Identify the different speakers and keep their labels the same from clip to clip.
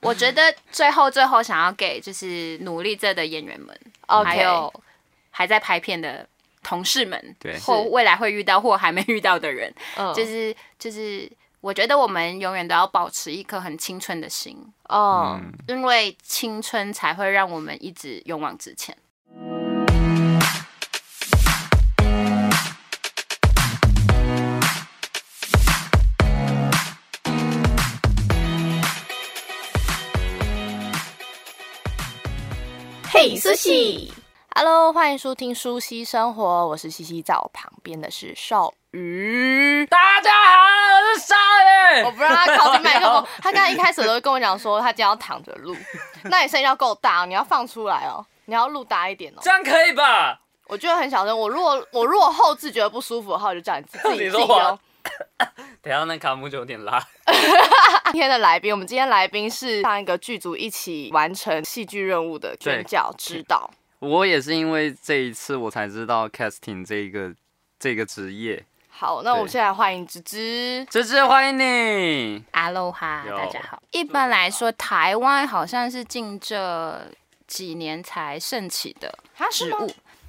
Speaker 1: 我覺得最後最後想要給就是努力着的演員們，Okay. 還有還在拍片的同事們，對，或未來會遇到或還沒遇到的人，就是、oh. 就是，就是、我覺得我們永遠都要保持一顆很青春的心哦，oh, 嗯、因為青春才會讓我們一直勇往直前。
Speaker 2: Hello，歡迎收聽《舒希生活》，我是西西，在我旁邊的是少瑜。大家好，我是少瑜。我不讓他靠近麥克風，他剛剛一開始都會跟我講說他今天要躺着錄， 那你聲音要夠大，你要放出來哦，你要錄大一點哦，這樣可以
Speaker 3: 吧？
Speaker 2: 我覺得很小聲，我如果我如果後製覺得不舒服的話，我就叫你自己自己。 玩
Speaker 3: 等下那卡姆就有點拉。
Speaker 2: 今天的來賓，我們今天來賓是上一個劇組一起完成戲劇任務的選角指導。
Speaker 3: 我也是因為這一次我才知道 casting 這個這個職業。
Speaker 2: 好，那我們現在歡迎芝芝對。芝芝，歡
Speaker 3: 迎你。
Speaker 2: 阿洛哈，大家好。一般來說，
Speaker 1: 台灣好像是近這幾年才盛起的職務。是嗎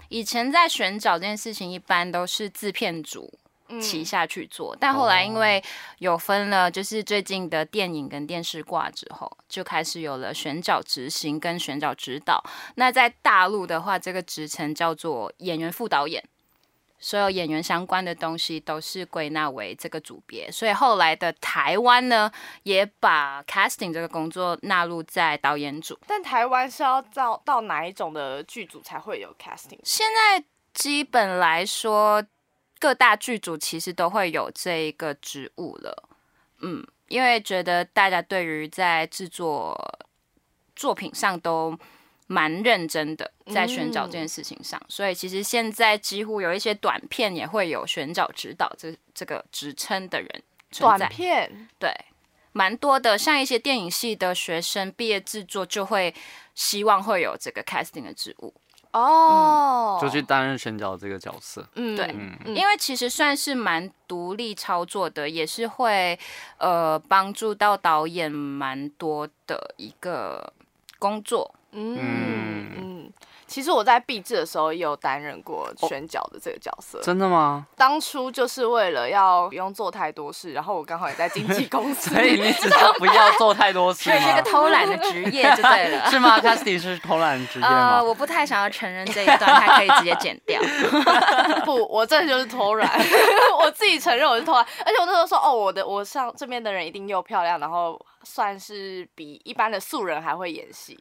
Speaker 1: 以前在選角這件事情，一般都是製片組。旗下去做，但後來因為有分了，就是最近的電影跟電視掛之後，就開始有了選角執行跟選角指導。那在大陸的話，這個職稱叫做演員副導演，所有演員相關的東西都是歸納為這個組別。所以後來的台灣呢，也把 casting 這個工作納入在導演組。
Speaker 2: 但台灣是要到到哪一種的劇組才會有 casting？現在
Speaker 1: 基本來說。各大劇組其實都會有這一個職務了，嗯，因為覺得大家對於在制作作品上都蠻認真的，在選角這件事情上，嗯、所以其實現在幾乎有一些短片也會有選角指導這這個職稱的人存在。短片對，蠻多的，像一些電影系的學生畢業制作就會希望會有這個 casting 的職務。
Speaker 2: 哦、oh,
Speaker 1: 嗯，就去
Speaker 3: 擔任選角這個角色，嗯，對，嗯、
Speaker 1: 因為其實算是蠻獨立操作的，也是會呃幫助到導演蠻多的
Speaker 2: 一個工作，嗯。嗯其實我在 B 製的時候也有擔任過選角的這個角色，哦、真的嗎？當初就是為了要不用做太多事，然後我剛好也在經紀公司， 所以你只要不要做太多事，所以是個偷懶的職業就對了， 是嗎？Casty 是
Speaker 1: 偷懶的職業呃，
Speaker 2: 我不太想要承認這一段，還可以直接剪
Speaker 1: 掉。
Speaker 2: 不，我這就是偷懶， 我自己承認我是偷懶，而且我那時候說，哦，我的我上這邊的人一定又漂亮，然後算是比一般的素人還會演戲。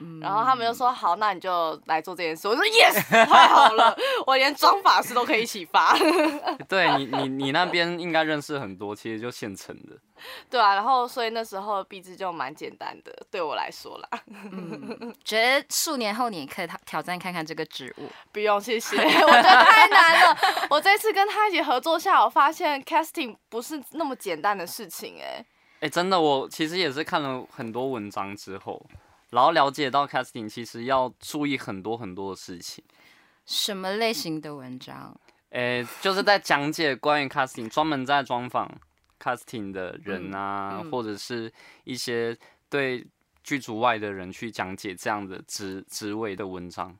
Speaker 2: 嗯、然後他們就說：“好，那你就來做這件事。”我說：“Yes，太好了， 我連妝髮師都可以一起發。
Speaker 3: 對。”對你，你你那邊應該認識很多，其實就現成的。
Speaker 2: 對啊，然後所以那時候壁紙就蠻簡單的，對我來說啦。嗯
Speaker 1: 覺得數年後你可以挑戰看看這個職務。
Speaker 2: 不用謝謝，我覺得太難了。 我這次跟他一起合作下，我發現 casting 不是那麼簡單的事情哎、欸。
Speaker 3: 哎、欸，真的，我其實也是看了很多文章之後，然後了解到 casting 其實要注意很多很多的事情，
Speaker 1: 什麼類型的文章？
Speaker 3: 誒，就是在講解關於 casting，專門在專訪 casting 的人啊，嗯嗯、或者是一些對劇組外的人去講解這樣的職職位的文章。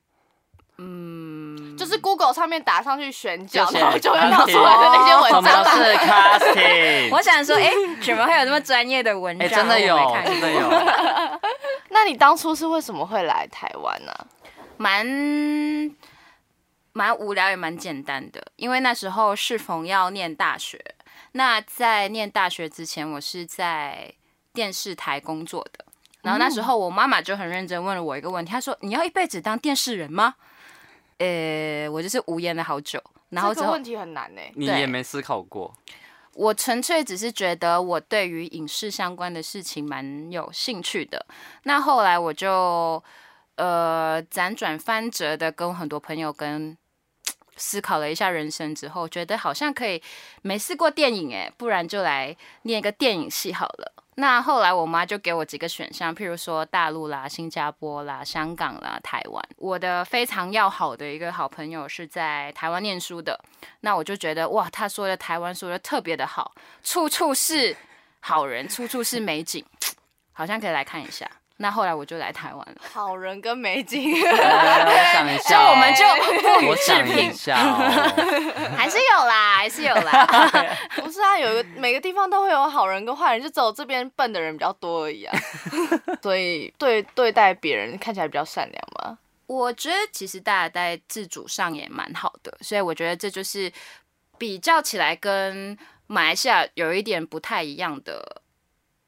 Speaker 3: 嗯，
Speaker 2: 就是 Google 上面打上去選角，寫然後就會出來的那些文章。我是 casting， 我想說，哎，怎麼會有這麼專業的文章？哎，真的有，
Speaker 3: 真的有。
Speaker 2: 那你當初是為什麼會來台灣呢？啊。蠻
Speaker 1: 蠻無聊也蠻簡單的，因為那時候適逢要念大學。那在念大學之前，我是在電視台工作的。
Speaker 2: 然後那時候，
Speaker 1: 我媽媽就很認真問了我一個問題，嗯、她說：“你要一輩子當電視人嗎？”呃，我就是無言了好久。然後這個問題很難呢，你也
Speaker 3: 沒思考過。
Speaker 1: 我純粹只是覺得我對於影視相關的事情蠻有興趣的，那後來我就呃輾轉翻折的跟很多朋友，跟思考了一下人生之後，覺得好像可以沒試過電影誒，不然就來念一個電影系好了。那後來我媽就給我幾個選項，譬如說大陸啦、新加坡啦、香港啦、台灣。我的非常要好的一個好朋友是在台灣念書的，那我就覺得哇，他說的台灣說的特別的好，處處是好人，處處是美景，好像可以來看一下。那後來我就來台灣了。
Speaker 2: 好人跟美景，就我們就我講一下還是有啦，還是有啦。 不是啊，有個每個地方都會有好人跟壞人，就只有這邊笨的人比較多而已啊。 所以對對待別人看起來比較善良吧。我覺得其實大家
Speaker 1: 在自主上也蠻好的，所以我覺得這就是比較起來跟馬來西亞有一點不太一樣的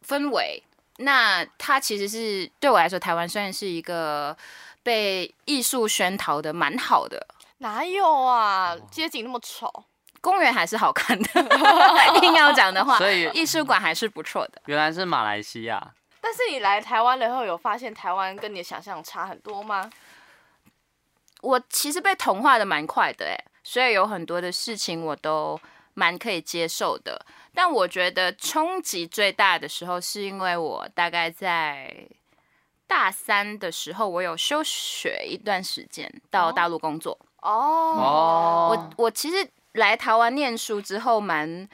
Speaker 1: 氛圍。那它其實是對我來說，台灣雖然是一個被藝術熏陶的蠻好的，
Speaker 2: 哪有啊？街景那麼醜，
Speaker 1: 公園還是好看的。
Speaker 2: 硬要講的話，
Speaker 1: 所以藝術館還是不錯的。原來是馬來西亞，
Speaker 2: 但是你來台灣了以後，有發現台灣跟你想象差很多嗎？我
Speaker 1: 其實被同化的蠻快的、欸，哎，所以有很多的事情我都蠻可以接受的。但我覺得衝擊最大的時候，是因為我大概在大三的時候，我有休學一段時間到大陸工作。
Speaker 2: 哦，oh. oh. oh. 我
Speaker 1: 我其實來台灣念書之後，蠻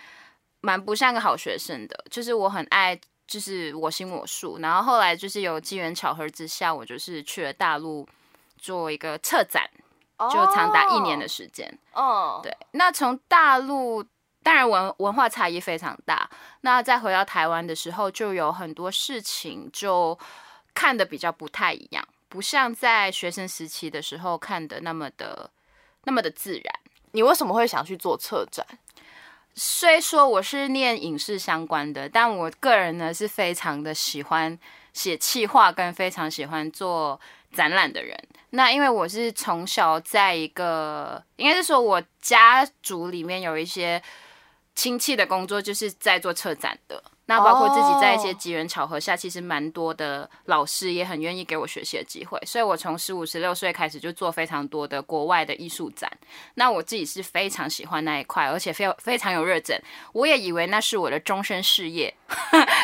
Speaker 1: 蠻不像個好學生的，就是我很愛，就是我行我素。然後後來就是有機緣巧合之下，我就是去了大陸做一個策展，
Speaker 2: 就長達一年的時間。哦，oh.
Speaker 1: oh. 對，那從大陸。當然文，文文化差異非常大。那在回到台灣的時候，就有很多事情就看得比較不太一樣，不像在學生時期的時候看得那麼的那麼的自然。你為什麼會想去做策展？雖說我是念影視相關的，但我個人呢是非常的喜歡寫企劃，跟非常喜歡做展覽的人。那因為我是從小在一個，應該是說我家族裡面有一些。親戚的工作就是在做策展的，那包括自己在一些機緣巧合下，其實蠻多的老師也很願意給我學習的機會，所以我從十五、十六歲開始就做非常多的國外的藝術展。那我自己是非常喜歡那一塊，而且非非常有熱忱，我也以為那是我的終身事業，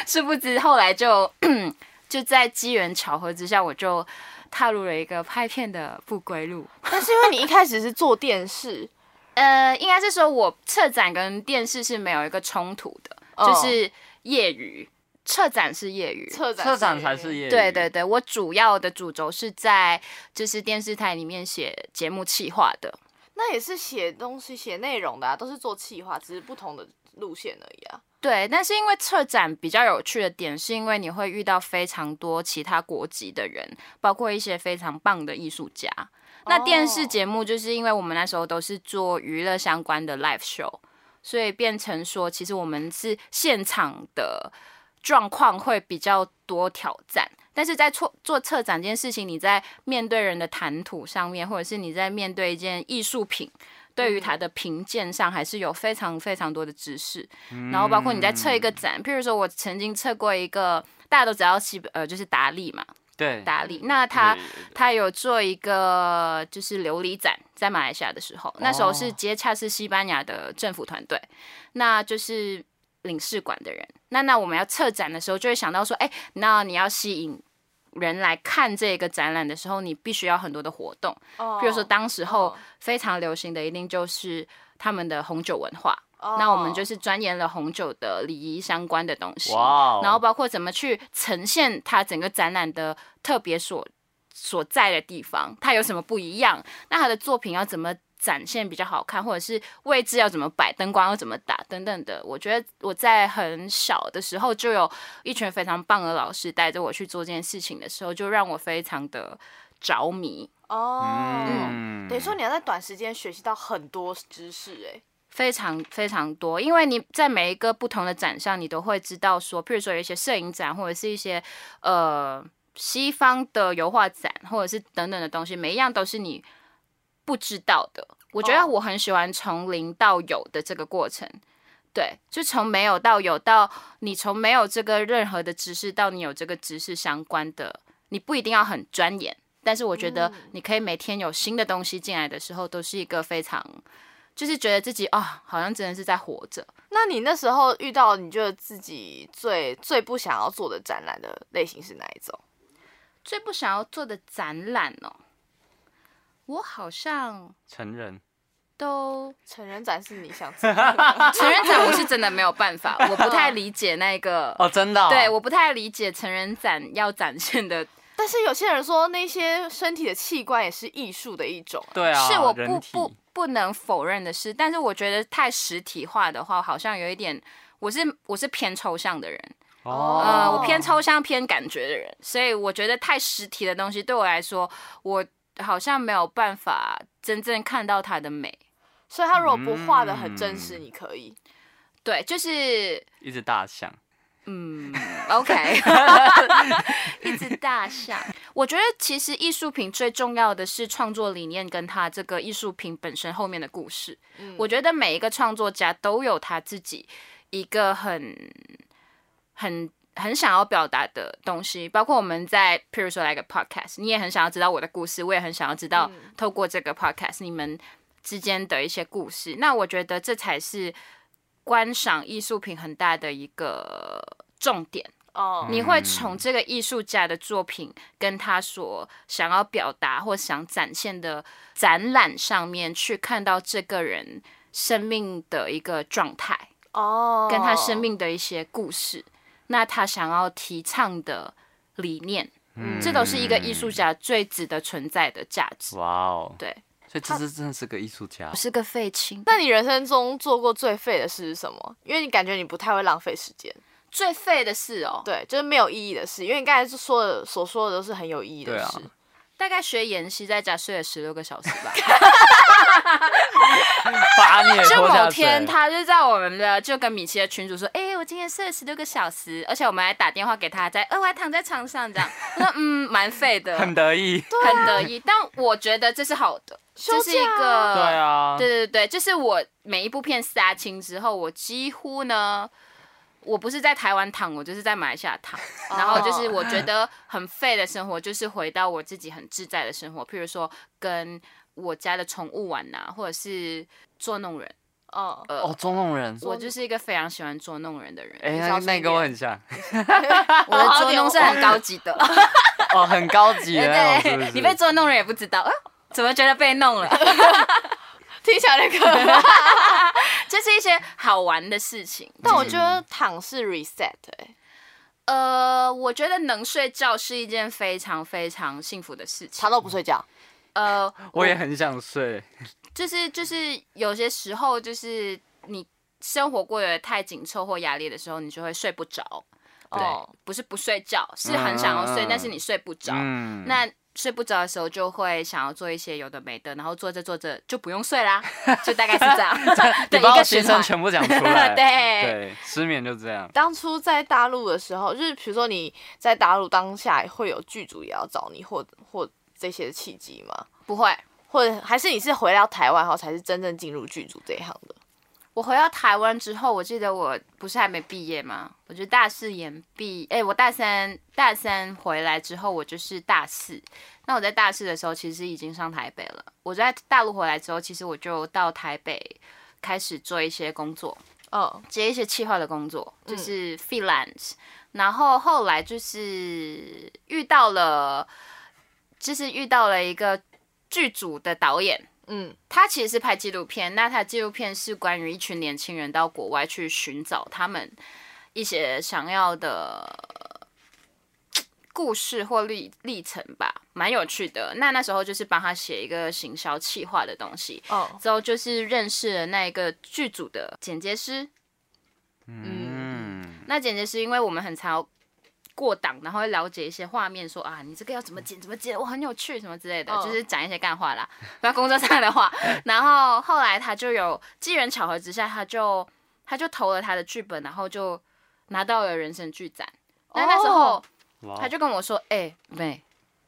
Speaker 1: 殊 不知後來就 就在機緣巧合之下，我就踏入了一個拍片的不歸路。 但是因為你一開始是做電視。呃，應該是說，我策展跟電視是沒有一個衝突的，oh, 就是業餘，策展是業餘，策展是業餘，策展才是業餘。對對對，我主要的主軸是在就是電視台裡面寫節目企劃的，
Speaker 2: 那也是寫東西、寫內容的啊，都是做企劃，只是不同的路線而已啊。
Speaker 1: 對，但是因為策展比較有趣的點，是因為你會遇到非常多其他國籍的人，包括一些非常棒的藝術家。那電視節目就是因為我們那時候都是做娛樂相關的 live show，所以變成說，其實我們是現場的狀況會比較多挑戰。但是在做做策展這件事情，你在面對人的談吐上面，或者是你在面對一件藝術品，對於它的評鑑上，還是有非常非常多的知識。然後包括你在策一個展，嗯、譬如說我曾經策過一個大家都知道西呃就是達利嘛。對，達利，那他對對對，他有做一個就是琉璃展，在馬來西亞的時候，哦、那時候是接洽是西班牙的政府團隊，那就是領事館的人。那那我們要策展的時候，就會想到說，哎、欸，那你要吸引人來看這個展覽的時候，你必須要很多的活動。哦，比如說當時候非常流行的，一定就是他們的紅酒文化。Oh. 那我們就是鑽研了紅酒的禮儀相關的東西，Wow. 然後包括怎麼去呈現它整個展覽的特別所所在的地方，它有什麼不一樣？那它的作品要怎麼展現比較好看，或者是位置要怎麼擺，燈光要怎麼打等等的。我覺得我在很小的時候就有一群非常棒的老師帶着我去做這件事情的時候，就讓我非常的着迷
Speaker 2: 哦。Oh. 嗯、等於說你要在短時間學習到很多知識、欸，哎。
Speaker 1: 非常非常多，因為你在每一個不同的展上，你都會知道說，譬如說有一些攝影展，或者是一些呃西方的油畫展，或者是等等的東西，每一樣都是你不知道的。我覺得我很喜歡從零到有的這個過程，oh. 對，就從沒有到有，到你從沒有這個任何的知識，到你有這個知識相關的，你不一定要很專業，但是我覺得你可以每天有新的東西進來的時候，都是一個非常。就是覺得自己啊、哦，好像真的是在活着。
Speaker 2: 那你那時候遇到你覺得自己最最不想要做的展覽的類型是哪一種？最不想要做的展覽哦、喔，我好
Speaker 1: 像成人，都成人展是你想做的？ 成人展我是真的沒有辦法， 我不太理解那個哦，真的對，我不太理解成人展要展現的。但是有些人說那些身體的器官也是藝術的一種，對啊，是我不不。不能否認的是，但是我覺得太實體化的話，好像有一點，我是我是偏抽象的人，哦、呃，我偏抽象偏感覺的人，所以我覺得太實體的東西對我來說，我好像沒有辦法真正看到它的美。所以他如果不畫得很真實，嗯、你可以，對，就是
Speaker 3: 一隻大象。
Speaker 1: 嗯，OK， 一直大笑。 我覺得其實藝術品最重要的是創作理念跟他這個藝術品本身後面的故事。嗯、我覺得每一個創作家都有他自己一個很很很想要表達的東西。包括我們在，譬如說來一個 podcast，你也很想要知道我的故事，我也很想要知道透過這個 podcast 你們之間的一些故事。嗯、那我覺得這才是。觀賞藝術品很大的一個重點哦，你會從這個藝術家的作品跟他所想要表達或想展現的展覽上面去看到這個人生命的一個狀態
Speaker 2: 哦，跟他生
Speaker 1: 命的一些故事，那他想要提倡的理念，這都是一個藝術家最值得存在的價值。哇哦，對。
Speaker 3: 他這是真的是個藝術家，我是
Speaker 2: 個廢青。那你人生中做過最廢的事是什麼？因為你感覺你不太會浪費時間。最廢的事哦、喔，對，就是沒有意義的事。因為你剛才是說的所說的都是很有意義的事。啊、大概學妍希在家睡了十六個小時吧。八年哈哈，把你也拖下水。就某天，他
Speaker 1: 就在我們的就跟米奇的群組說：“哎、 欸，我今天睡了十六個小時，而且我們還打電話給他在，在、哦、呃，還躺在床上這樣。 ”那嗯，蠻廢的，很
Speaker 3: 得意，啊、 很得
Speaker 1: 意。”但我覺得這是好的。就是一個，對啊，對對對，就是我每一部片殺青之後，我幾乎呢，我不是在台灣躺，我就是在馬來西亞躺，然後就是我覺得很廢的生活，就是回到我自己很自在的生活，譬如說跟我家的寵物玩吶，或者是捉弄人哦。哦，捉
Speaker 3: 弄人，我就
Speaker 1: 是一個非常喜歡捉弄人的人，哎，那個我很像，我的捉弄是很高級的
Speaker 3: 哦。哦，很高級的。 對，你被捉
Speaker 1: 弄人也不知道怎麼覺得被弄
Speaker 2: 了？ 聽起來可能 就是一些好玩的事情。但我覺得躺是 reset、欸、
Speaker 1: 呃，我覺得能睡覺是一件非常非常幸福的事情。他都不睡覺。呃，我，我也很
Speaker 3: 想睡。
Speaker 1: 就是就是，就是、有些時候就是你生活過得太緊湊或壓力的時候，你就會睡不着。對，對，不是不睡覺，是很想要睡，嗯啊、但是你睡不着。嗯，那。睡不着的時候就會想要做一些有的沒的，然後做
Speaker 2: 着做着就不用睡啦， 就大概是這樣。你把我心聲全部講出來。 對
Speaker 3: 對，失眠就這樣。
Speaker 2: 當初在大陸的時候，就是比如說你在大陸當下會有劇組也要找你，或或這些契機嗎？不會，或者還是你是回到台灣後，才是真正進入劇組這一行的。
Speaker 1: 我回到台灣之後，我記得我不是還沒畢業嗎？我就大四研畢，誒、欸，我大三大三回來之後，我就是大四。那我在大四的時候，其實已經上台北了。我在大陸回來之後，其實我就到台北開始做一些工作，哦，接一些企劃的工作，就是 freelance，嗯。然後後來就是遇到了，就是遇到了一個劇組的導演。嗯，他其實是拍紀錄片，那他紀錄片是關於一群年輕人到國外去尋找他們一些想要的，故事或歷歷程吧，蠻有趣的。那那時候就是幫他寫一個行銷企劃的東西，哦，oh. 之後就是認識了那一個劇組的剪接師，嗯，那剪接師因為我們很常。過檔，然後會了解一些畫面，說啊，你這個要怎麼剪，怎麼剪，哇，很有趣，什麼之類的，oh. 就是講一些幹話啦。那工作上的話，然後後來他就有機緣巧合之下，他就他就投了他的劇本，然後就拿到了人生劇展。Oh. 那那時候他就跟我說：“哎 Wow.、欸，妹，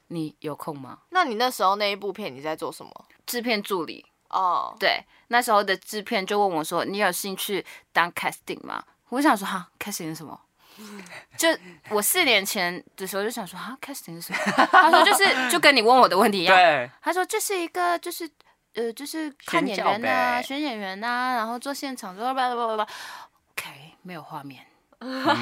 Speaker 1: 你有空嗎？”那你那時候那一部片你在做什麼？製片助理哦。Oh. 對，那時候的製片就問我說：“你有興趣當 casting 嗎？”我想說：“哈，casting 是什麼？” 就我四年前的時候就想說啊，casting 是什麼？ 他說就是就跟你問我的問題一樣。對他說這是一個就是呃就是看演員吶、啊，選，選演員吶、啊，然後做現場說吧吧吧吧。OK，沒有畫面，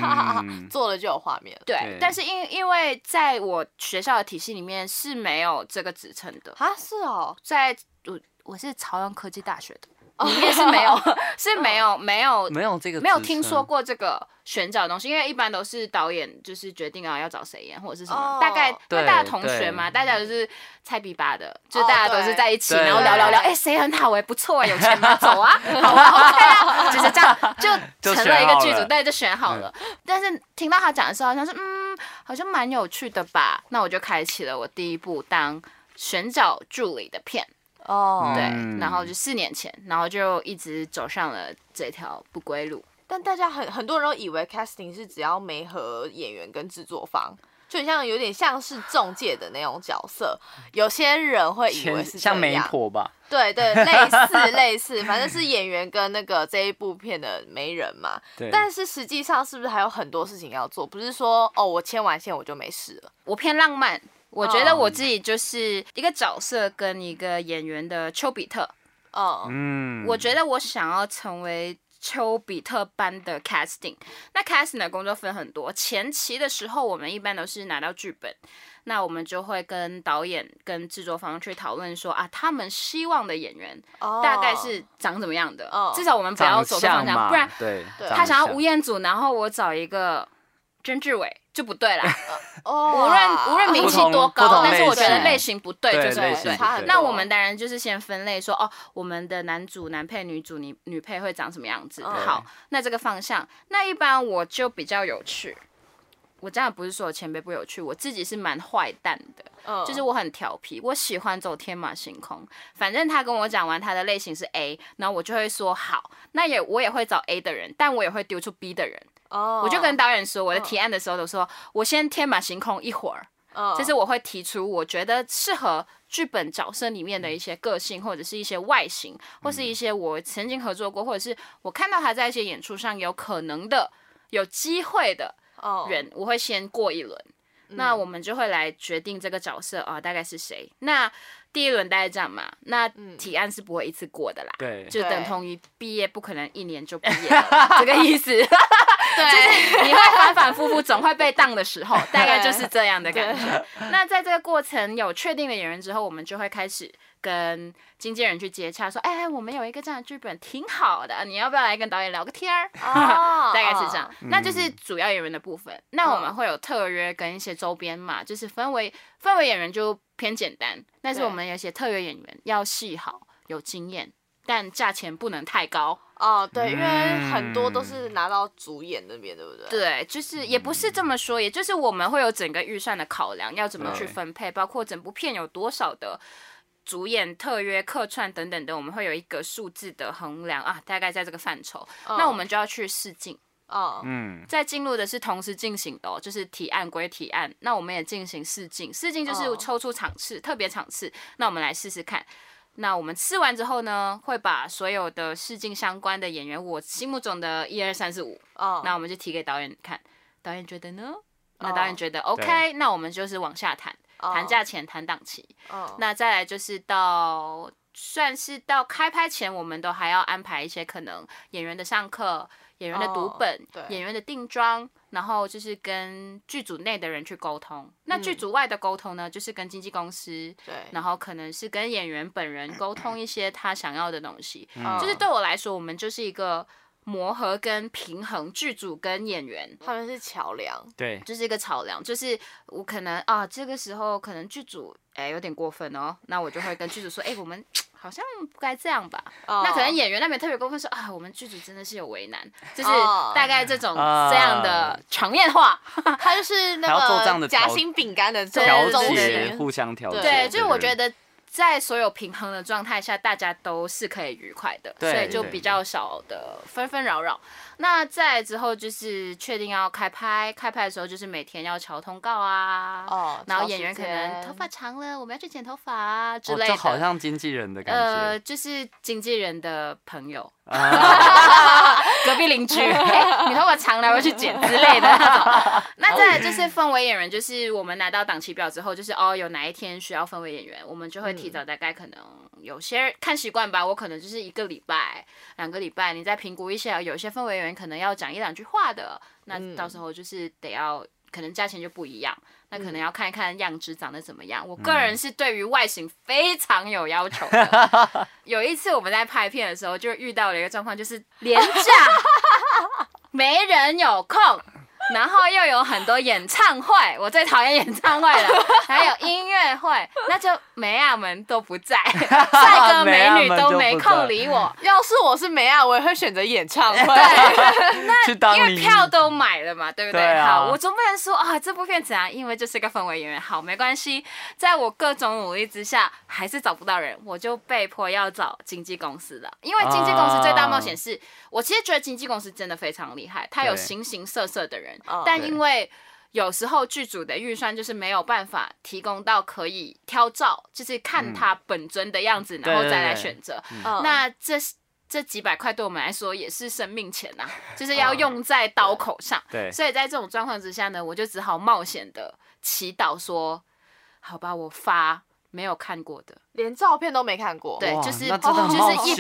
Speaker 1: 做了就有畫面。嗯、對，對但是因因為在我學校的體系裡面是沒有這個職稱的啊，是哦，在我我是朝陽科技大學的。我也是沒有，是沒有沒有沒有這個沒有聽說過這個選角的東西，因為一般都是導演就是決定啊要找誰演或者是什麼，大概大家同學嘛，大家都是菜比巴的，就大家都是在一起，然後聊聊聊，哎誰很好哎不錯哎，有錢嗎？走啊，好啊，就是這樣就
Speaker 2: 成了一個劇組，大家就選好了。
Speaker 1: 但是聽到他講的時候，好像是嗯好像蠻有趣的吧，那我就開啟了我第一部當選角助理的片。
Speaker 2: 哦，oh, 對，嗯、然後就四年前，然後就一直走上了這條不歸路。但大家很很多人都以為 casting 是只要媒合演員跟製作方，就很像有點像是中介的那種角色，有些人會以為是像媒婆吧？對對，類似類似，反正是演員跟那個這一部片的媒人嘛。對。 但是實際上是不是還有很多事情要做？不是說哦，我簽完線我就沒事了，
Speaker 1: 我偏浪漫。我覺得我自己就是一個角色跟一個演員的丘比特，哦，嗯，我覺得我想要成為丘比特班的 casting。那 casting 的工作分很多，前期的時候我們一般都是拿到劇本，那我們就會跟導演跟制作方去討論說啊，他們希望的演員大概是長怎麼樣的，oh. Oh. 至少我們不要說長相，相不然對，
Speaker 3: 對他想要吳
Speaker 1: 彥祖，然後我找一個。曾志偉就不對啦，
Speaker 2: 哦、啊無，無論無論名氣多高，但是我覺得類型
Speaker 1: 不對就是他。那我們當然就是先分類說，哦，哦，我們的男主、男配、女主女、女女配會長什麼樣子？對好，那這個方向，那一般我就比較有趣。我這樣不是說我前輩不有趣，我自己是蠻壞蛋的，嗯，就是我很調皮，我喜歡走天馬行空。反正他跟我講完他的類型是 A，然後我就會說好，那也我也會找 A 的人，但我也會丟出 B 的人。
Speaker 2: Oh, 我就跟導
Speaker 1: 演說，我在提案的時候都說，oh。我先天馬行空一會兒，就、oh。是我會提出我覺得適合劇本角色裡面的一些個性，mm. 或者是一些外形，或是一些我曾經合作過，或者是我看到他在一些演出上有可能的、有機會的人，oh. 我會先過一輪，mm. 那我們就會來決定這個角色啊、呃、大概是誰。那第一輪大概這樣嘛，那提案是不會一次過的啦，嗯、就等同於畢業不可能一年就畢業對這個意思， 對就是你會反反复复，總會被當的時候， 大概就是這樣的感覺。對那在這個過程有確定的演員之後，我們就會開始。跟經紀人去接洽，說：“哎、欸、哎，我們有一個這樣的劇本，挺好的，你要不要來跟導演聊個天兒？”哦， 大概是這樣。哦、那就是主要演員的部分。嗯、那我們會有特約跟一些周邊嘛，哦、就是氛圍氛圍演員就偏簡單，但是我們有一些特約演員要戲好、有經驗，對但價錢不能太高。
Speaker 2: 哦，對，嗯、因為很多都是拿到主演那邊，對不對？對，就是也不是
Speaker 1: 這麼說，也就是我們會有整個預算的考量，要怎麼去分配，對包括整部片有多少的。主演、特約、客串等等等，我們會有一個數字的衡量啊，大概在這個範疇。Oh. 那我們就要去試鏡。哦，嗯。在進入的是同時進行的、喔，就是提案歸提案。那我們也進行試鏡。試鏡就是抽出場次，oh. 特別場次。那我們來試試看。那我們試完之後呢，會把所有的試鏡相關的演員，我心目中的一二三四五。哦。那我們就提給導演看。導演覺得呢？Oh. 那導演覺得 OK？Oh. 那我們就是往下談。談價錢，oh, 談檔期，oh. 那再來就是到算是到開拍前，我們都還要安排一些可能演員的上課、演員的讀本、oh, 演員的定妝，對然後就是跟劇組內的人去溝通。嗯、那劇組外的溝通呢，就是跟經紀公司，對然後可能是跟演員本人溝通一些他想要的東西。Oh. 就是對我來說，我們就是一個。磨合跟平衡，劇組跟演員他們是橋梁，對，就是一個橋梁。就是我可能啊，這個時候可能劇組哎、欸，有點過分哦，那我就會跟劇組說，哎、 欸，我們好像不該這樣吧？哦、那可能演員那邊特別過分說啊，我們劇組真的是有為難，就是大概這種這樣的場面話，他就是那個夾心餅乾的調節，互相調節。對，對，就是我覺得。在所有平衡的狀態下，大家都是可以愉快的，對對對對所以就比較少的紛紛擾擾。那在之後就是確定要開拍，開拍的時候就是每天要敲通告啊。哦，然後演員可能頭髮長了，我們要去剪頭髮啊之類的、哦。就好像經紀人的感覺。呃，就是經紀人的朋友。
Speaker 2: 隔壁鄰居，
Speaker 1: 你和我常來我去剪之類的。那再來就是氛圍演員，就是我們拿到檔期表之後，就是哦，有哪一天需要氛圍演員，我們就會提早大概可能有些看習慣吧，我可能就是一個禮拜、兩個禮拜，你再評估一下，有些氛圍演員可能要講一兩句話的，那到時候就是得要，可能價錢就不一樣。嗯那可能要看一看樣子長得怎麼樣。我個人是對於外形非常有要求的。 有一次我們在拍片的時候，就遇到了一個狀況，就是連假，沒人有空， 然後又有很多演唱會。我最討厭演唱
Speaker 2: 會了，還有音樂會，那就。美亞們都不在，帥哥美女都沒空理我。 要是我是美亞，我也會選擇演唱會。那
Speaker 3: 因為票
Speaker 1: 都買了嘛，對不對？對啊、好，我總不能說啊、哦，這部片子啊，因為這是一個氛圍演員，好，沒關係。在我各種努力之下，還是找不到人，我就被迫要找經紀公司了。因為經紀公司最大冒險是，啊、我其實覺得經紀公司真的非常厲害，他有形形色色的人，對但因為。有時候劇組的預算就是沒有辦法提供到可以挑照，就是看他本尊的樣子，嗯、然後再來選擇。對對對，嗯、那這這幾百塊對我們來說也是生命錢吶、啊，就是要用在刀口上。嗯、對，對所以在這種狀況之下呢，我就只好冒險的祈禱說，好吧，我發。沒有看過的，連照片都沒看過。對，就是就是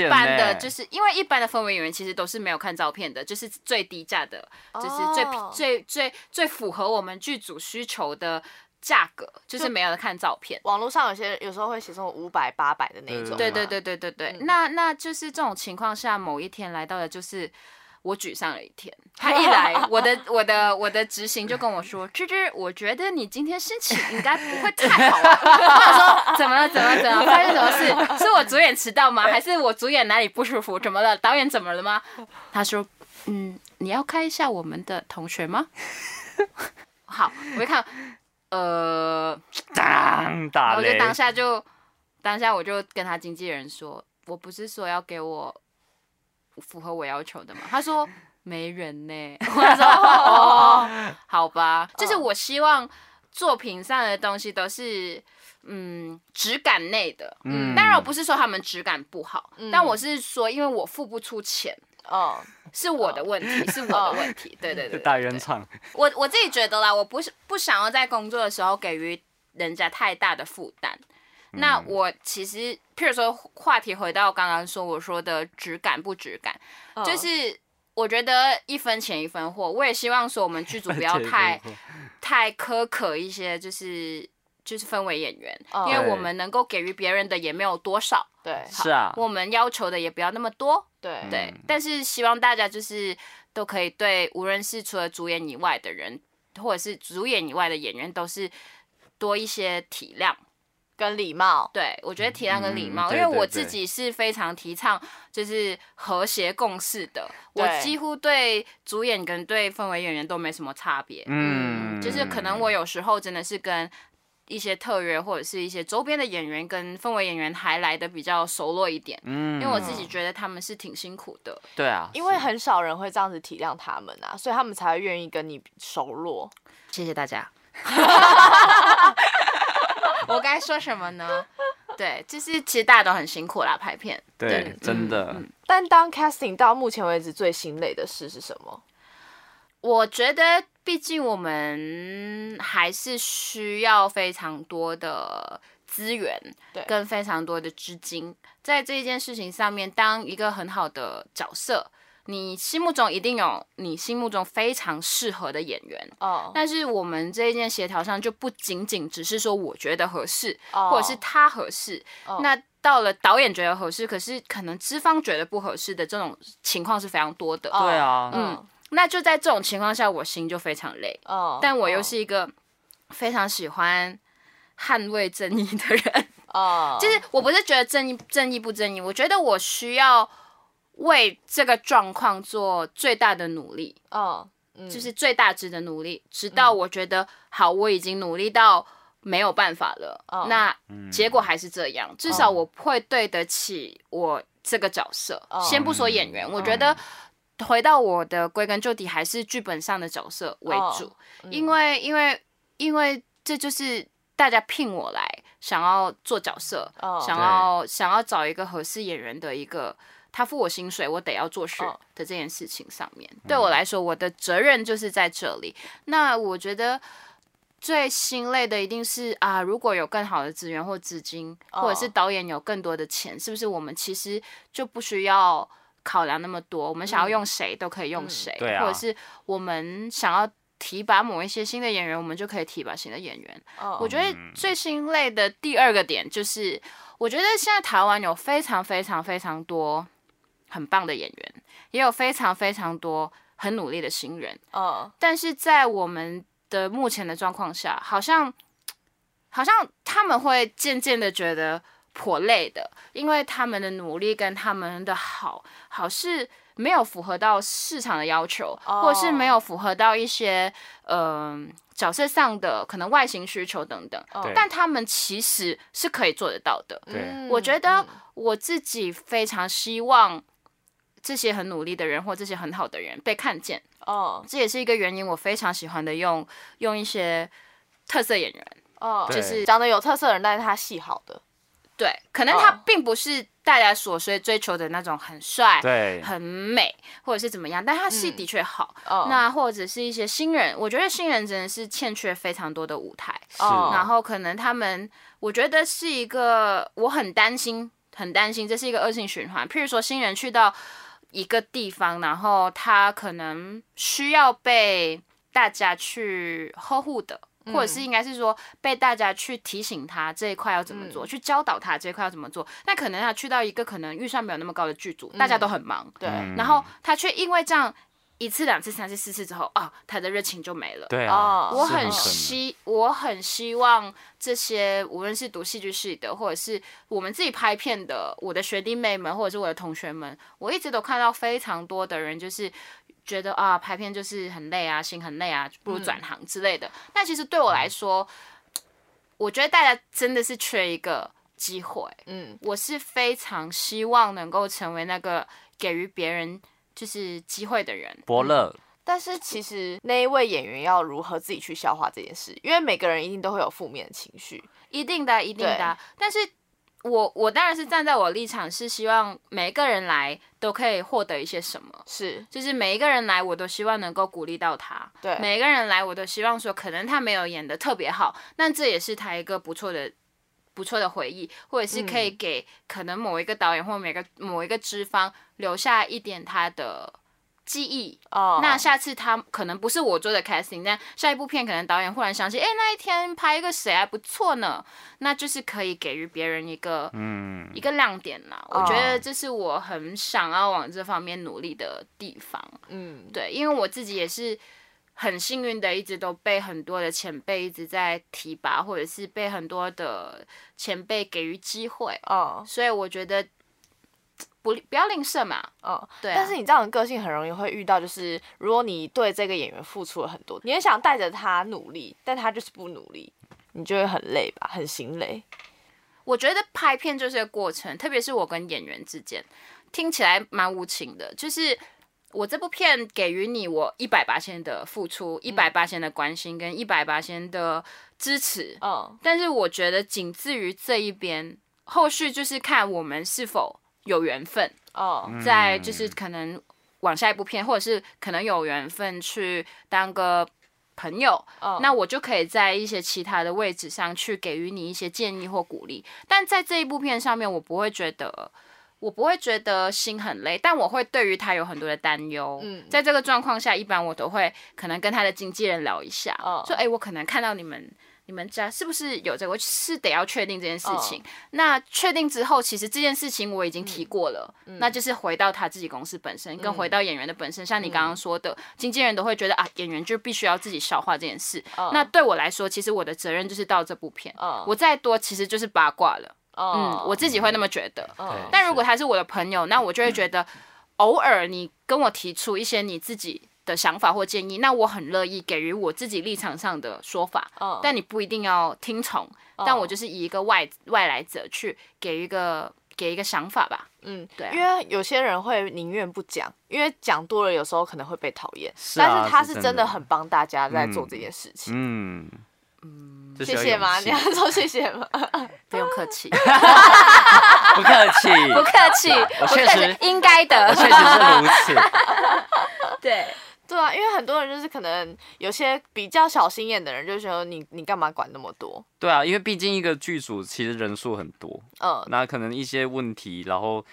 Speaker 1: 一般的就是，因為一般的氛圍演員其實都是沒有看照片的，就是最低價的，哦、就是最最最最符合我們劇組需求的價格，就是沒有看照片。網絡上有些有時候會寫這種五百八百的那種。對對對，對對對對對，那那就是這種情況下，某一天來到的就是。我沮喪了一天，他一來，我的我的我的執行就跟我說：“芝芝， 我覺得你今天心情應該不會太好或、啊、者 說：“怎麼了？怎麼怎麼發生什麼事？是我主演遲到嗎？還是我主演哪裡不舒服？怎麼了？導演怎麼了嗎？” 他說：“嗯，你要看一下我們的同學嗎？” 好，我一看，呃，當大 我就當下就當下我就跟他經紀人說：“我不是說要給我。”符合我要求的嘛？他說 沒人呢耶。我說、哦、好吧， 就是我希望作品上的東西都是嗯質感內的。嗯，嗯當然我不是說他們質感不好，嗯、但我是說因為我付不出錢哦，嗯、是我的問題，是我的問題。 對,對,對,對,對對對，打圓場。我我自己覺得啦，我不是不想要在工作的時候給予人家太大的負擔。那我其實，譬如說，話題回到剛剛說我說的質感不質感，嗯、就是我覺得一分錢一分貨。我也希望說我們劇組不要太太苛刻，一些，就是就是氛圍演員，嗯、因為我們能夠給予別人的也沒有多少，對，是啊，我們要求的也不要那麼多，
Speaker 2: 對、嗯、對。但
Speaker 1: 是希望大家就是都可以對無論是除了主演以外的人，或者是主演以外的演員都是多一些體諒。跟禮貌對，對，我覺得體諒跟禮貌，嗯、對對對，因為我自己是非常提倡就是和諧共事的。對我幾乎對主演跟對氛圍演員都沒什麼差別，嗯，就是可能我有時候真的是跟一些特約或者是一些周邊的演員跟氛圍演員還來的比較熟絡一
Speaker 2: 點，嗯，因為我自己覺得他們是挺辛苦的，對啊，因為很少人會這樣子體諒他們啊，是所以他們才會願意跟你熟絡。謝謝大家。 我該說什麼呢？對，就是其實大家都很辛苦啦，拍片。對，對真的、嗯嗯。但當 casting 到目前為止最心累的事是什麼？我覺得，畢竟我們還是需要
Speaker 1: 非常多的資源，跟非常多的資金，對在這一件事情上面，當一個很好的角色。你心目中一定有你心目中非常適合的演員哦，oh. 但是我們這一件協調上就不僅僅只是說我覺得合適，oh. 或者是他合適，oh. 那到了導演覺得合適，可是可能資方覺得不合適的這種情況是非常多的。對啊，嗯，oh. 那就在這種情況下，我心就非常累。哦，oh. 但我又是一個非常喜歡捍衛正義的人。哦
Speaker 2: ，oh. 就是
Speaker 1: 我不是覺得正義，正義不正義，我覺得我需要為這個狀況做最大的努力，哦，就是最大值的努力，直到我覺得好，我已經努力到沒有辦法了。那結果還是這樣，至少我會對得起我這個角色。先不說演員，我覺得回到我的歸根究底還是劇本上的角色為主，因為因為因為這就是大家聘我來想要做角色，想要想要找一個合適演員的一個。他付我薪水，我得要做事的這件事情上面，嗯、對我來說，我的責任就是在這裡。那我覺得最心累的一定是啊，如果有更好的資源或資金，或者是導演有更多的錢，哦、是不是我們其實就不需要考量那麼多？我們想要用誰都可以用誰，嗯、或者是我們想要提拔某一些新的演員，我們就可以提拔新的演員。哦、我覺得最心累的第二個點就是，我覺得現在台灣有非常非常非常多。很棒的演員，也有非常非常多很努力的新人，oh. 但是在我們的目前的狀況下，好像好像他們會漸漸的覺得頗累的，因為他們的努力跟他們的好，好是沒有符合到市場的要求，oh. 或者是沒有符合到一些嗯、呃、角色上的可能外形需求等等，oh. 但他們其實是可以做得到的，對我覺得我自己非常希望，這些很努力的人或這些很好的人被看見哦，oh. 這也是一個原因。我非常喜歡的用用一些特色演員哦，oh. 就是長得有特色的人，但是他戲好的，oh. 對，可能他並不是大家所追追求的那種很帥、對，oh. 很美或者是怎麼樣，但他戲的確好。嗯 oh. 那或者是一些新人，我覺得新人真的是欠缺非常多的舞台，是。Oh. 然後可能他們，我覺得是一個我很擔心，很擔心這是一個惡性循環。譬如說新人去到。一個地方，然後他可能需要被大家去呵護的，嗯、或者是應該是說被大家去提醒他這一塊要怎麼做，嗯、去教導他這一塊要怎麼做。那可能他去到一個可能預算沒有那麼高的劇組，嗯、大家都很忙，對，嗯、然後他卻因為這樣。一次兩次三次四次之後啊，他的熱情就沒了。對啊，我很希我很希望這些無論是讀戲劇系的，或者是我們自己拍片的，我的學弟妹們，或者是我的同學們，我一直都看到非常多的人，就是覺得啊，拍片就是很累啊，心很累啊，不如轉行之類的。但、嗯、其實對我來說，我覺得大家真的是缺一個機會。嗯，我是非常希望能夠成為那個給予別人。就是機會的人，伯樂、嗯。
Speaker 2: 但是其實那一位演員要如何自己去消化這件事？因為每個人一定都會有負面的情緒，一
Speaker 1: 定的，一定的。對。
Speaker 2: 但是我我當然是站在我立場，是希
Speaker 1: 望每一個人來都可以獲得一些什麼，是就是每一個人來，我都希望能夠鼓勵到他。對，每一個人來，我都希望說，可能他沒有演得特別好，但這也是他一個不錯的。不錯的回憶，或者是可以給可能某一個導演或每個某一個資方留下一點他的記憶哦。那下次他可能不是我做的 casting，但下一部片可能導演忽然想起，哎、欸，那一天拍一個誰還、啊、不錯呢？那就是可以給予別人一個嗯一個亮點啦。我覺得這是我很想要往這方面努力的地方。哦、嗯，對，因為我自己也是。很幸運的，一直都被很多的前輩一直在提拔，或者是被很多的前輩給予機會哦。Oh. 所以我覺得
Speaker 2: 不不要吝嗇嘛，嗯、oh. 啊，對。但是你這樣的個性很容易會遇到，就是如果你對這個演員付出了很多，你也想帶着他努力，但他就是不努力，你就會很累吧，很心累。
Speaker 1: 我覺得拍片就是一個過程，特別是我跟演員之間，聽起來蠻無情的，就是。我這部片給予你我一百巴仙的付出，一百巴仙的關心跟一百巴仙的支持，哦、嗯。但是我覺得僅止於這一邊，後續就是看我們是否有緣分，哦、嗯。在就是可能往下一部片，或者是可能有緣分去當個朋友，嗯、那我就可以在一些其他的位置上去給予你一些建議或鼓勵。但在這一部片上面，我不會覺得。我不會覺得心很累，但我會對於他有很多的擔憂。嗯，在這個狀況下，一般我都會可能跟他的經紀人聊一下，說、哦：“哎、欸，我可能看到你們你們家是不是有這個？我是得要確定這件事情。”哦，那確定之後，其實這件事情我已經提過了，嗯、那就是回到他自己公司本身，跟、嗯、回到演員的本身。像你剛剛說的，嗯、經紀人都會覺得啊，演員就必須要自己消化這件事。哦、那對我來說，其實我的責任就是到這部片，哦、我再多其實就是八卦了。Oh, 嗯，我自己會那麼覺得。嗯、但如果他是我的朋友，對那我就會覺得，偶爾你跟我提出一些你自己的想法或建議，嗯、那我很樂意給予我自己立場上的說法。Oh, 但你不一定要聽從，oh, 但我就是以一個外外來者去給一個給一個想法吧。
Speaker 2: 嗯，對、啊，因為有些人會寧願不講，因為講多了有時候可能會被討厭。是啊、但是他是真的很幫大家在做這件事
Speaker 3: 情。嗯嗯。嗯謝謝嗎？
Speaker 2: 你要說謝謝嗎？不用客氣。
Speaker 1: 不客氣，不客
Speaker 2: 氣。我確實應該的，我確實是如此。對對啊，因為很多人就是可能有些比較小心眼的人，就說你你幹嘛管那麼多？
Speaker 3: 對啊，因為畢竟一個劇組其實人數很多，嗯，那可能一些問題，然後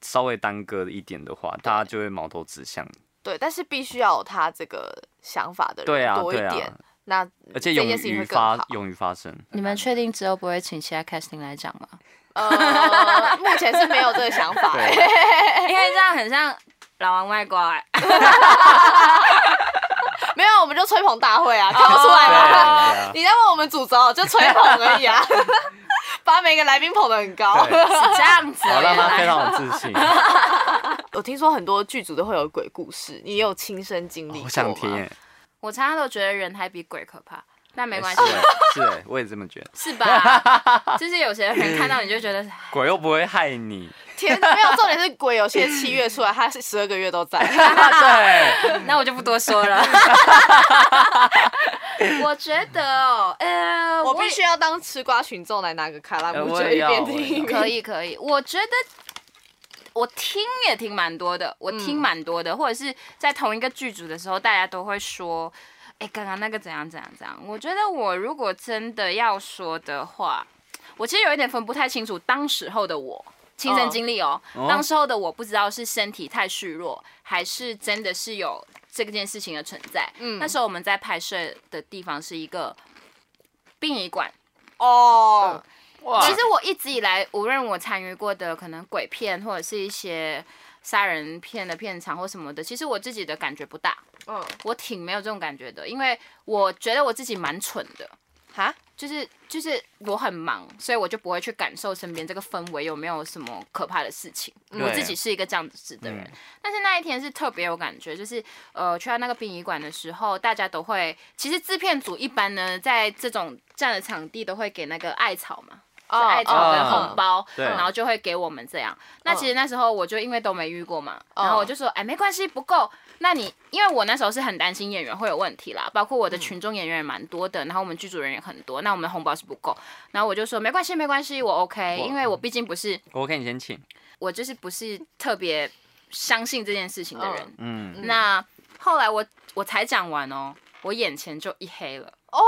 Speaker 3: 稍微耽擱一點的話，大家就會矛頭指向。
Speaker 2: 對，但是必須要有他這個想法的人多一點。那而且這件事會發，
Speaker 3: 容易發生。
Speaker 1: 你們確定之後不會請其他 casting 來講嗎？
Speaker 2: 呃，目前是沒有這個想法。因為這樣很像老王賣瓜。沒有，我們就吹捧大會啊，看不出來嗎？你在問我們主軸，就吹捧而已啊。把每個來賓捧得很高，是這樣子。我讓他非常有自信。我聽說很多劇組都會有鬼故事，你也有親身經歷？我想聽。我常常都覺得人還比鬼可怕，但沒
Speaker 3: 關係。是，我也這麼覺
Speaker 2: 得。是吧？就是有些人看到你就覺得
Speaker 3: 鬼又不會害你。
Speaker 2: 天，沒有，重點是鬼，有些七月出來，他十二個月都在。對，那我就不多說了。我覺得哦，呃，我必須要當吃瓜群眾來拿個卡拉 OK，可以可以。我覺得。
Speaker 1: 我聽也聽蠻多的，我聽蠻多的，嗯、或者是在同一個劇組的時候，大家都會說，哎，剛剛那個怎樣怎樣怎樣。我覺得我如果真的要說的話，我其實有一點分不太清楚當時候的我親身經歷、喔、哦，當時候的我不知道是身體太虛弱，還是真的是有這件事情的存在。嗯，那時候我們在拍攝的地方是一個殯儀館哦。嗯其實我一直以來，無論我參與過的可能鬼片或者是一些殺人片的片場或什麼的，其實我自己的感覺不大。嗯，我挺沒有這種感覺的，因為我覺得我自己蠻蠢的哈，就是就是我很忙，所以我就不會去感受身邊這個氛圍有沒有什麼可怕的事情。對我自己是一個這樣子的人，嗯、但是那一天是特別有感覺，就是呃去到那個殯儀館的時候，大家都會，其實制片組一般呢，在這種這樣的場地都會給那個艾草嘛。Oh, 是艾草跟紅包，oh, 然後就會給我們這樣。對那其實那時候我就因為都沒遇過嘛，oh. 然後我就說，哎、欸，沒關係，不夠。那你因為我那時候是很擔心演員會有問題啦，包括我的群眾演員也蠻多的，嗯、然後我們劇組人也很多，那我們紅包是不夠。然後我就說，沒關係，沒關係，我 OK，Wow. 因為我畢竟不是
Speaker 3: OK，你先請。
Speaker 1: 我就是不是特別相信這件事情的人。Oh. 嗯，那後來我我才講完哦、喔，我眼前就一黑了哦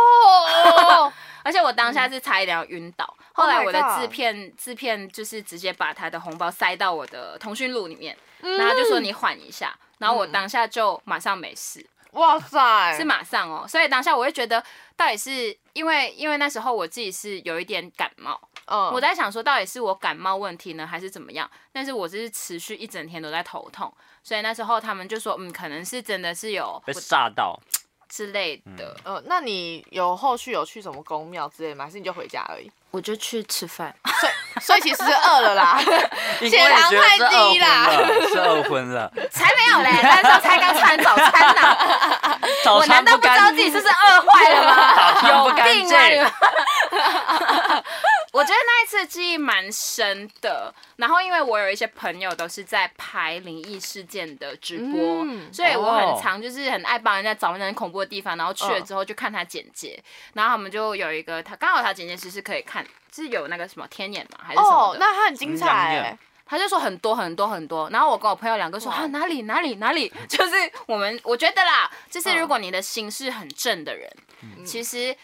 Speaker 2: ，oh!
Speaker 1: 而且我當下是差一點要暈倒。後來我的製片、oh my god、製片就是直接把他的紅包塞到我的通訊錄裡面，嗯、然後就說你緩一下，然後我當下就馬上沒事。哇塞，是馬上哦，所以當下我會覺得到底是因為因為那時候我自己是有一點感冒，嗯、我在想說到底是我感冒問題呢，還是怎麼樣？但是我只是持續一整天都在頭痛，所以那時候他們就說嗯，可能是真的是有被煞到之類的。嗯、
Speaker 2: 呃，那你有後續有去什麼宮廟之類的嗎？還是你就回家而已？
Speaker 1: 我就去吃飯，所
Speaker 2: 以所以其實是餓了啦， 了血糖太低啦，
Speaker 1: 是餓昏了，
Speaker 2: 才沒有嘞，但時候才剛吃完早餐
Speaker 1: 呢， 早餐我難道不知道自己是不是餓壞了嗎？有病啊！ 我覺得那一次記憶蠻深的，然後因為我有一些朋友都是在拍靈異事件的直播，嗯、所以我很常就是很愛幫人家找那種很恐怖的地方，然後去了之後就看他簡介，哦、然後他們就有一個他剛好他簡介其實可以看，是有那個什麼天眼嗎，還是什麼，哦，那他很精彩，欸，他就說很多很多很多，然後我跟我朋友兩個說哇啊，哪裡哪裡哪裡，就是我們我覺得啦，就是如果你的心是很正的人，嗯、其實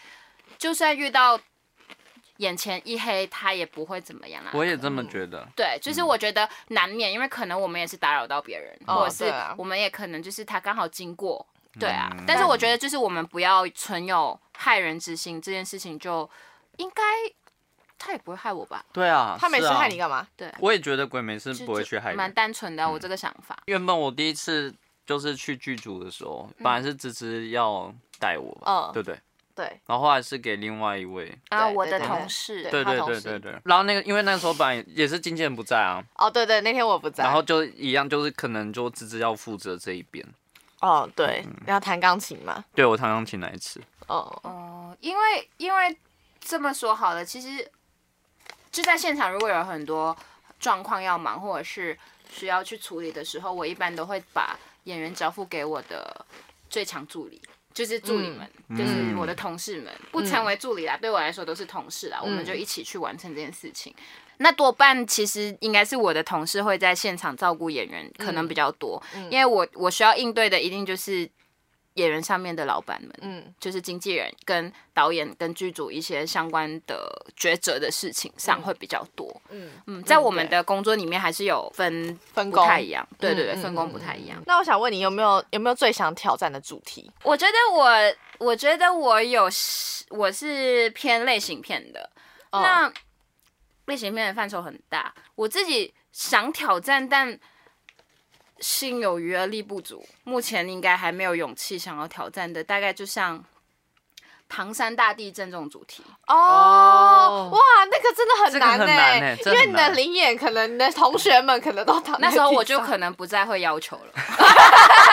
Speaker 1: 就算遇到，眼前一黑，他也不會怎麼樣啊。我
Speaker 3: 也這麼覺得。
Speaker 1: 對，就是我覺得難免，因為可能我們也是打擾到別人，或者是我們也可能就是他剛好經過。對啊。但是我覺得就是我們不要存有害人之心，這件事情就應該他也不會害我吧？對啊。
Speaker 3: 他沒事害你幹嘛？對。我也覺得鬼沒事不會去害你。蠻
Speaker 1: 單純的，我這個想法。
Speaker 3: 原本我第一次就是去劇組的時候，本來是芝芝要帶我吧，對不對？對，然後後來是給另外一位
Speaker 2: 啊，我的同事，對、嗯、對對
Speaker 3: 對對。然後那個，因為那時候本來也是經紀人不在啊。
Speaker 2: 哦，對，對對，那天我不在。然後
Speaker 3: 就一樣，就是可能就芝芝要負責這一邊。
Speaker 2: 哦，對，嗯、要彈鋼琴嘛。
Speaker 3: 對，我彈鋼琴那一次。哦
Speaker 2: 哦、呃，因為因為這麼說
Speaker 1: 好了，其實就在現場，如果有很多狀況要忙，或者是需要去處理的時候，我一般都會把演員交付給我的最強助理。就是助理們，嗯、就是我的同事們，嗯、不成為助理啦，對我來說都是同事啦。嗯、我們就一起去完成這件事情。那多半其實應該是我的同事會在現場照顧演員，可能比較多，嗯嗯、因為我我需要應對的一定就是。演員上面的老闆們，嗯，就是經紀人、跟導演、跟劇組一些相關的抉擇的事情上會比較多，嗯嗯，在我們的工作裡面還是有分分工，不太一樣，嗯、對對對，分工不太一樣。嗯嗯、那
Speaker 2: 我想問你，有沒有有沒有最想挑戰的主題？我覺得我，我覺得我有，我是偏類型片
Speaker 1: 的。嗯、那類型片的範疇很大，我自己想挑戰，但。心有餘而力不足，目前應該還沒有勇氣想要挑戰的，大概就像唐山大地震這種主題哦，oh, 哇，那個真的很難呢、欸。因為你的臨演，可能，你的同學們可能都那時候我就可能不再會要求了。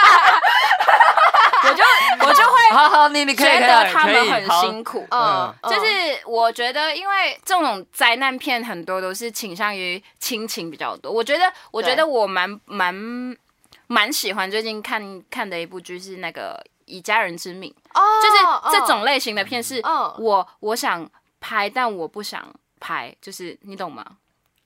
Speaker 2: 好好，你你可以覺得他們很辛苦，嗯，就
Speaker 1: 是我覺得，因為這種災難片很多都是傾向於親情比較多。我覺得，我覺得我蠻蠻蠻喜歡最近看看的一部劇是那個《以家人之名》，
Speaker 2: 哦，就是這種
Speaker 1: 類型的片，是我我想拍，但我不想拍，就是你懂嗎？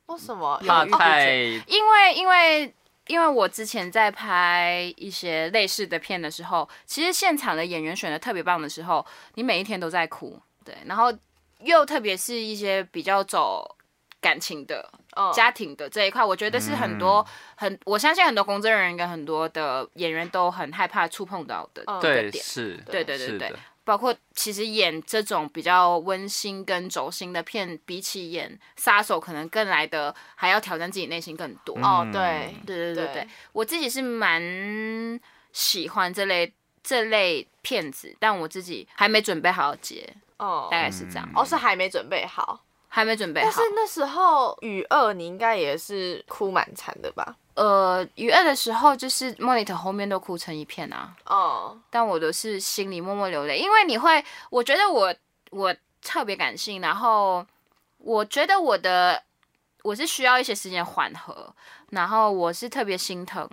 Speaker 2: 為什麼？怕太，因為
Speaker 1: 因為。因為我之前在拍一些類似的片的時候，其實現場的演員選的特別棒的時候，你每一天都在哭，對，然後又特別是一些比較走感情的、哦、家庭的這一塊，我覺得是很多、嗯、很，我相信很多工作人員跟很多的演員都很害怕觸碰到的，對，是，對，對，對，對。包括其實演這種比較溫馨跟走心的片，比起演殺手可能更來得還要挑戰自己內心更多、嗯、哦。對對對對對，對對對，我自己是蠻喜歡這類這類片子，但我自己還沒準備好接。
Speaker 2: 哦，大概是這樣。哦，是
Speaker 1: 還沒準備
Speaker 2: 好，還沒準備好。但是那時候雨二你應該也是哭蠻慘的吧？
Speaker 1: 呃，余二的時候就是 monitor 後面都哭成一片啊。
Speaker 2: 哦。Oh. 但我
Speaker 1: 都是心裡默默流淚，因為你會，我覺得我我特別感性，然後我覺得我的我是需要一些時間緩和，然後我是特別心疼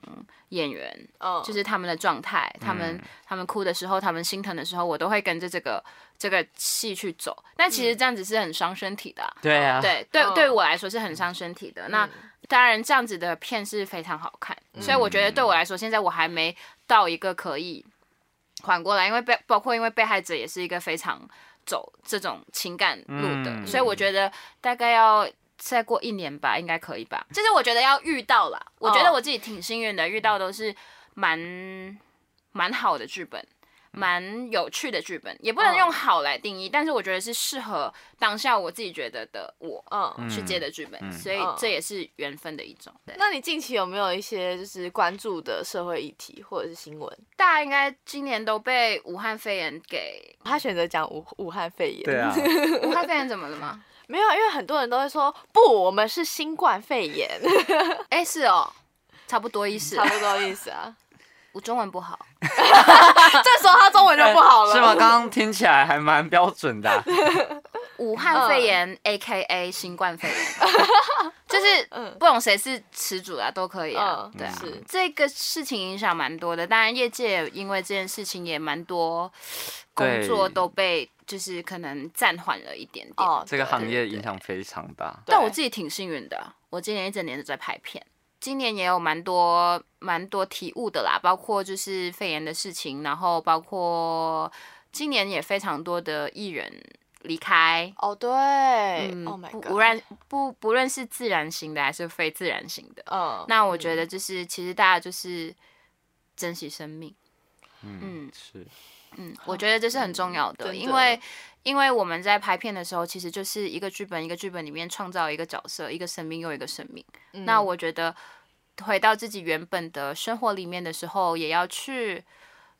Speaker 1: 演員，oh. 就是他們的狀態，他們、mm. 他們哭的時候，他們心疼的時候，我都會跟着這個這個戲去走。但其實這樣子是很傷身體的。對啊。Mm. 對對，對我來說是很傷身體的。那。Mm. 當然，這樣子的片是非常好看，嗯、所以我覺得對我來說，現在我還沒到一個可以緩過來，因為被，包括因為被害者也是一個非常走這種情感路的，嗯、所以我覺得大概要再過一年吧，應該可以吧。就是我覺得要遇到啦，我覺得我自己挺幸運的，遇到都是蠻蠻好的劇本。蠻有趣的劇本，也不能用好來定義，嗯、但是我覺得是適合當下我自己覺得的我，嗯，去接的劇本，嗯、所以這也是緣分的一種。對，那
Speaker 2: 你近期有沒有一些就是關注的社會議題或者是新聞？大家應該今年都被武漢肺炎給他選擇講武武漢肺炎，對啊， 武漢肺炎怎麼了嗎？ 沒有，因為很多人都會說不，我們是新冠肺炎。哎、 欸，是哦，差不多意思、嗯，差不多意思啊。我中文不好，
Speaker 1: 這時候他中文就
Speaker 2: 不好了。欸，
Speaker 3: 是嗎？剛剛聽起來還蠻標準的啊。
Speaker 1: 武漢肺炎，AKA 新冠肺炎。呃、 就是不懂誰是詞主啊，都可以啊。對。呃，是這個事情影響蠻多的，當然業界也因為這件事情也蠻多工作都被就是可能暫緩了一點點。這個行
Speaker 3: 業影響非常大，
Speaker 1: 但我自己挺幸運的，我今年一整年都在拍片。今年也有蠻多蠻多體悟的啦，包括就是肺炎的事情，然後包括今年也非常多的藝人離開哦，oh, 對，嗯，oh、不，無論不不論是自然型的還是非自然型的，嗯，oh, 那我覺得就是、嗯、其實大家就是珍惜生命，
Speaker 3: 嗯，嗯是，
Speaker 1: 嗯，我覺得這是很重要的，嗯、對對對，因為。因為我們在拍片的時候，其實就是一個劇本，一個劇本裡面創造一個角色，一個生命又一個生命。嗯、那我覺得，回到自己原本的生活裡面的時候，也要去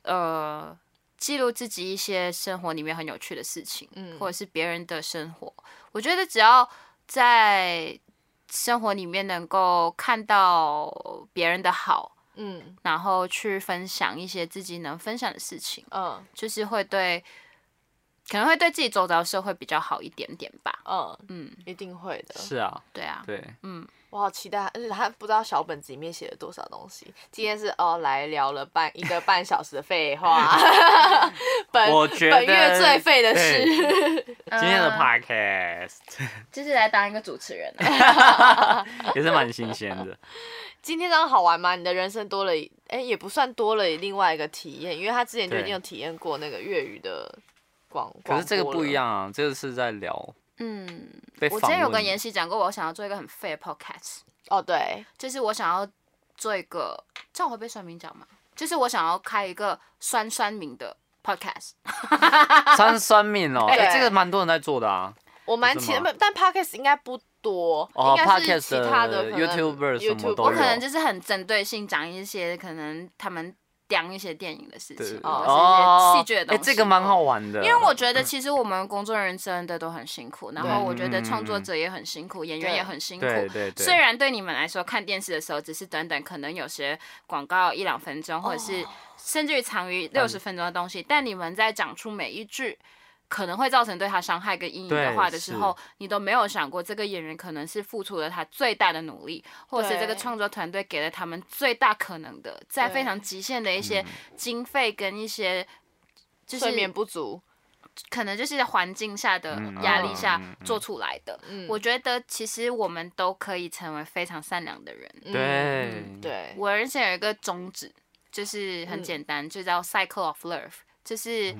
Speaker 1: 呃記錄自己一些生活裡面很有趣的事情，嗯、或者是別人的生活。我覺得只要在生活裡面能夠看到別人的好，嗯，然後去分享一些自己能分享的事情，嗯，就是會對。可能會對自己走着社會比較好一點點吧。嗯
Speaker 2: 嗯，一定會的。是啊，對啊，對，嗯，我好期待，而、呃、且他不知道小本子裡面寫了多少東西。今天是、嗯、哦，來聊了半一個半小時的廢話， 本我覺得本月最廢的是今天的 podcast 就是來當一個主持人，啊，
Speaker 3: 也是蠻新鮮的。
Speaker 2: 今天這樣好玩嗎？你的人生多了，哎、欸，也不算多了另外一個體驗，因為他之前就已經有體驗過那個粵語的。可是這個不一
Speaker 3: 樣啊，這個是在聊。嗯，我
Speaker 1: 之前有跟妍希講過，我想要做一個很廢的 podcast。哦，對，就是我想要做一個，這樣我會被酸民講嗎？就是我想要開一個酸酸民的 podcast。
Speaker 3: 酸酸民哦、喔對欸，這個蠻多人在做的啊。
Speaker 2: 我蠻奇，嗎但 podcast 應該不多。哦，podcast 其他的，的 YouTuber 我可能
Speaker 3: 就
Speaker 1: 是很針對性講一些，可能他們。講一些電影的事情，哦，或者一些戲劇的東西。這個蠻
Speaker 3: 好玩的。因為我
Speaker 1: 覺得，其實我們工作人員真的都很辛苦，然後我覺得創作者也很辛苦，演員也很辛苦。對，雖然對你們來說，看電視的時候只是短短，可能有些廣告一兩分鐘，或者是甚至於長於六十分鐘的東西，但你們在講出每一句。可能會造成對他傷害跟陰影的話的時候，你都沒有想過這個演員可能是付出了他最大的努力，對或是這個創作團隊給了他們最大可能的，在非常極限的一些經費跟一些就是睡眠不足，可能就是在環境下的壓力下做出來的。我覺得其實我們都可以成為非常善良的人。對，對我人生有一個宗旨，就是很簡單，就叫 Cycle of Love。就是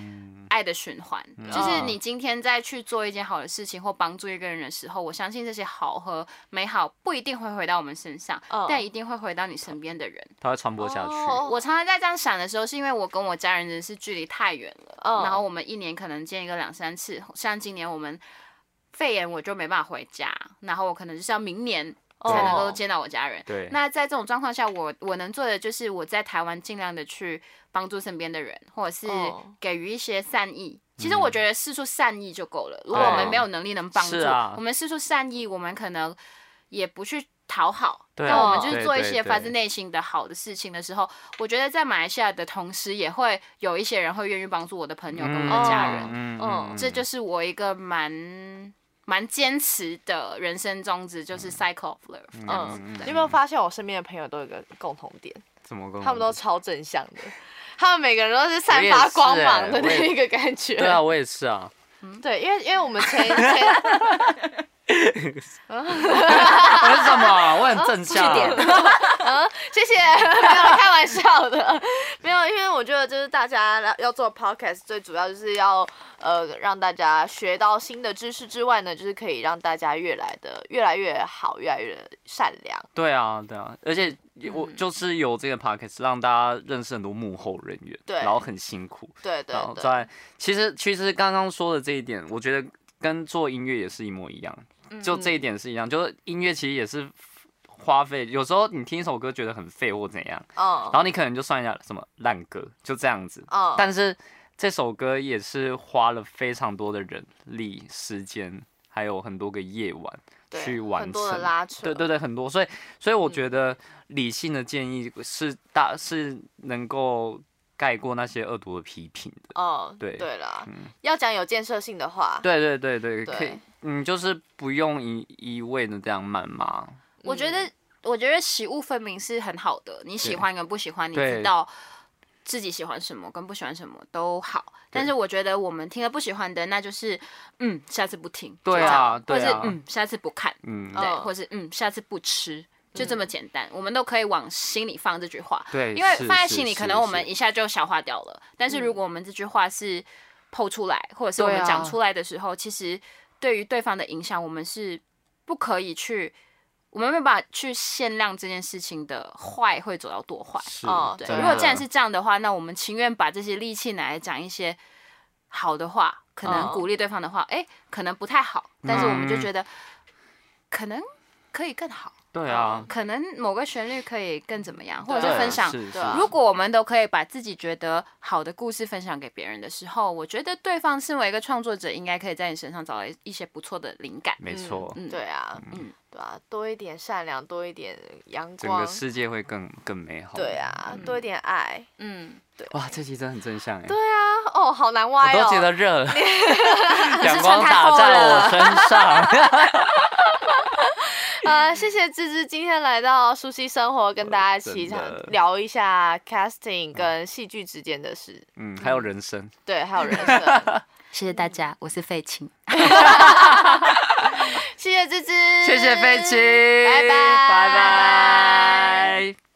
Speaker 1: 愛的循環，嗯、就是你今天在去做一件好的事情或幫助一個人的時候，我相信這些好和美好不一定會回到我們身上，哦、但一定會回到你身邊的人。
Speaker 3: 它，它會傳播下去。
Speaker 1: 我常常在這樣想的時候，是因為我跟我家人真的是距離太遠了，哦、然後我們一年可能見一個兩三次。像今年我們肺炎，我就沒辦法回家，然後我可能就是要明年。才能夠見到我家人。對，那在這種狀況下，我我能做的就是我在台灣盡量的去幫助身邊的人，或者是給予一些善意。其實我覺得釋出善意就夠了。如果我們沒有能力能幫助，我們釋出善意，我們可能也不去討好。對，那我們就是做一些發自內心的好的事情的時候，我覺得在馬來西亞的同時，也會有一些人會願意幫助我的朋友跟我的家人。嗯，這就是我一個蠻蠻堅持的人生宗旨就是 cycle of love。嗯，你有沒有發現我身邊的朋友
Speaker 2: 都有一個共同點？怎麼？他們都超正向的，他們每個人都是散發光芒的那一個感覺，欸。對啊，我也是啊。嗯，對，因為因為我們前前，為什麼我很正向？啊？啊 謝謝，沒有開玩笑的，沒有，因為我覺得就是大家要做 Podcast 最主要就是要呃讓大家學到新的知識之外呢，就是可以讓大家越來的越來越好，越來越善良。
Speaker 3: 對啊，對啊，而且我就是有這個 Podcast 讓大家認識很多幕後人員，對，然後很辛苦，對對，對。然後再來，其實其實剛剛說的這一點，我覺得跟做音樂也是一模一樣，就這一點是一樣，就是音樂其實也是。花費有時候你聽一首歌覺得很廢或怎樣，oh. 然後你可能就算一下什麼爛歌就這樣子。Oh. 但是這首歌也是花了非常多的人力、時間，還有很多個夜晚去完成。對，很多的拉扯對對對，很多。所以所以我覺得理性的建議是大、嗯、是能夠蓋過那些惡毒的批評
Speaker 2: 的。哦、oh, 對，對對啦，嗯、要講有建設性的話，
Speaker 3: 對對對對，可以，你對、嗯、就是不用一一味的這樣謾罵。
Speaker 2: 我覺得，我覺得喜惡分明
Speaker 1: 是很好的。你喜歡跟不喜歡，你知道自己喜歡什麼跟不喜歡什麼都好。但是我覺得我們聽了不喜歡的，那就是嗯，下次不聽，對啊，或者嗯，下次不看，嗯，對，或者嗯，下次不吃，就這麼簡單。我們都可以往心裡放這句話，對，因為放在心裡，可能我們一下就消化掉了。但是如果我們這句話是透出來，或者是我們講出來的時候，其實對於對方的影響，我們是不可以去。我們沒辦法去限量這件事情的壞會走到多壞哦，是對。如果既然是這樣的話，那我們情願把這些力氣拿來講一些好的話，可能鼓勵對方的話，哎、哦欸，可能不太好，但是我們就覺得、嗯、可能可以更好。
Speaker 3: 對啊，可
Speaker 1: 能某個旋律可以更怎麼樣，或者是分享。如果我們都可以把自己覺得好的故事分享給別人的時候，我覺得對方身為一個創作者，應該可以在你身上找到一些不錯的靈
Speaker 2: 感。沒錯，對啊，嗯，對啊，多一點善良，多一點陽光，整個世
Speaker 3: 界會更更美好。對啊，多
Speaker 2: 一點愛，嗯，
Speaker 3: 對。哇，這期真的很正向耶。
Speaker 2: 對啊，哦，好難挖哦，我都覺得熱了，陽光打在我身上。啊， uh, 謝謝芝芝今天來到舒希生活，oh, 跟大家一起的聊一下 casting 跟戲劇之間的事。嗯，
Speaker 1: 嗯還有人生。
Speaker 2: 對，還有人生。
Speaker 1: 謝謝大家，我是費青。
Speaker 2: 謝謝芝芝，
Speaker 1: 謝謝費青，拜拜 bye，拜拜。